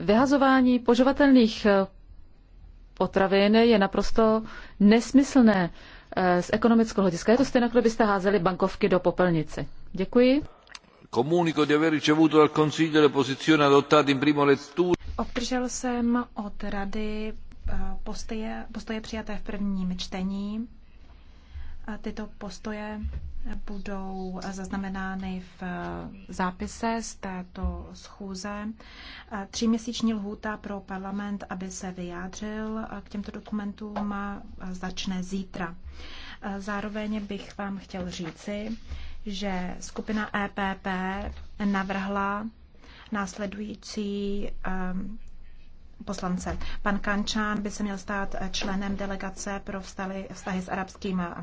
vyhazování požovatelných eh, potravin je naprosto nesmyslné eh, z ekonomického hlediska. Je to stejné, jako kdo byste házeli bankovky do popelnice. Děkuji. Comunico di aver ricevuto dal Consiglio le posizioni adottate in prima lettura. Obdržel jsem od rady eh, postoje, postoje přijaté v prvním čtení. Tyto postoje budou zaznamenány v eh, zápise z této schůze. Tříměsíční lhůta pro parlament, aby se vyjádřil eh, k těmto dokumentům, eh, začne zítra. Zároveň bych vám chtěl říci, že skupina EPP navrhla následující poslance. Pan Kančán by se měl stát eh, členem delegace pro vztahy, s arabským eh,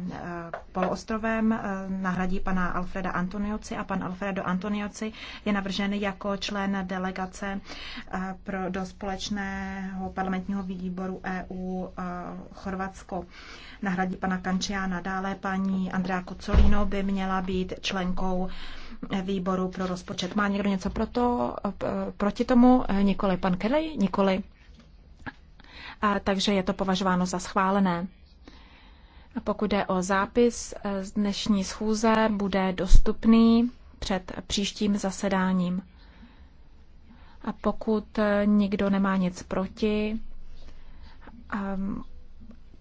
poloostrovem. Eh, nahradí pana Alfreda Antonioci a pan Alfredo Antonioci je navržen jako člen delegace pro, do společného parlamentního výboru EU Chorvatsko. Nahradí pana Kančána Dále paní Andrea Kocolino by měla být členkou výboru pro rozpočet. Má někdo něco proto, proti tomu? Eh, Nikoli pan Kelly? Nikoli. A, takže je to považováno za schválené. A pokud jde o zápis eh, z dnešní schůze, bude dostupný před příštím zasedáním. A pokud eh, nikdo nemá nic proti, um,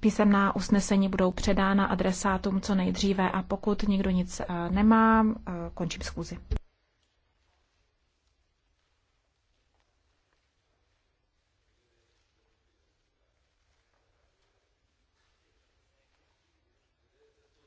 Písemná usnesení budou předána adresátům co nejdříve a pokud nikdo nic eh, nemá, eh, končím schůzi.